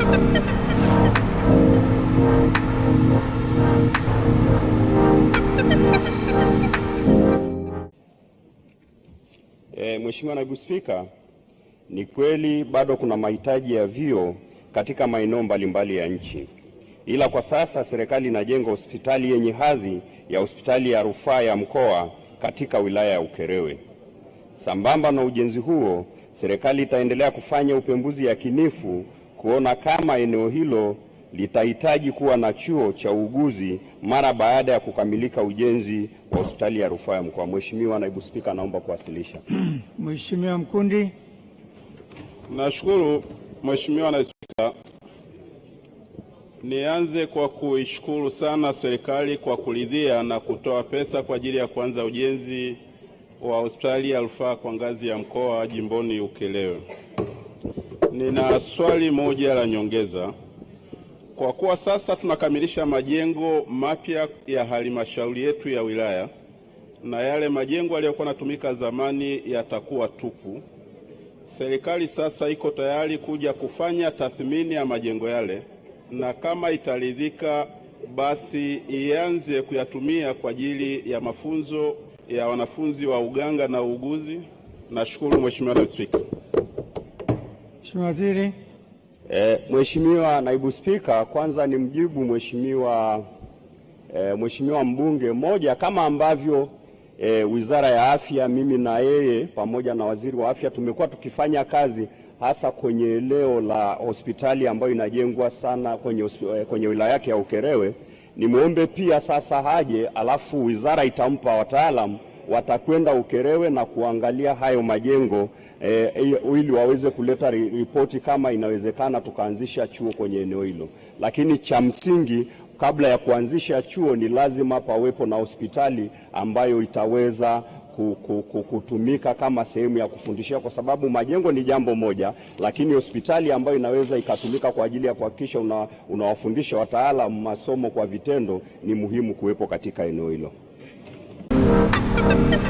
E, Mheshimiwa Naibu Spika, ni kweli bado kuna mahitaji ya vio katika maeneo mbalimbali ya nchi, ila kwa sasa serikali inajenga hospitali yenye hadhi ya hospitali ya rufaa ya mkoa katika wilaya ya Ukerewe. Sambamba na ujenzi huo, serikali itaendelea kufanya upembuzi yakinifu kuona kama eneo hilo litahitaji kuwa na chuo cha uuguzi mara baada ya kukamilika ujenzi wa hospitali ya rufaa ya mkoa. Mheshimiwa Naibu Spika, naomba kuwasilisha. Mheshimiwa Mkundi. Nashukuru Mheshimiwa Naibu Spika. Nianze kwa kuishukuru sana serikali kwa kuridhia na kutoa pesa kwa ajili ya kuanza ujenzi wa hospitali ya rufaa kwa ngazi ya mkoa jimboni Ukerewe. Nina swali moja la nyongeza. Kwa kuwa sasa tunakamilisha majengo mapya ya halmashauri yetu ya wilaya na yale majengo yaliyokuwa yanatumika zamani yatakuwa tupu, serikali sasa iko tayari kuja kufanya tathmini ya majengo yale, na kama itaridhika, basi ianze kuyatumia kwa ajili ya mafunzo ya wanafunzi wa uganga na uuguzi. Nashukuru Mheshimiwa Naibu Spika. Mheshimiwa Waziri. E, Mheshimiwa Naibu Spika, kwanza ni mjibu Mheshimiwa e, Mheshimiwa mbunge moja kama ambavyo e, Wizara ya Afya mimi na yeye pamoja na Waziri wa Afya tumekuwa tukifanya kazi hasa kwenye eneo la hospitali ambayo inajengwa sana kwenye, kwenye wilaya yake ya Ukerewe. Nimwombe pia sasa haje, alafu wizara itampa wataalamu watakwenda Ukerewe na kuangalia hayo majengo eh, ili waweze kuleta ripoti kama inawezekana tukaanzisha chuo kwenye eneo hilo, lakini cha msingi kabla ya kuanzisha chuo ni lazima pawepo na hospitali ambayo itaweza kutumika kama sehemu ya kufundishia, kwa sababu majengo ni jambo moja, lakini hospitali ambayo inaweza ikatumika kwa ajili ya kuhakikisha unawafundisha una wataalamu masomo kwa vitendo ni muhimu kuwepo katika eneo hilo. thank you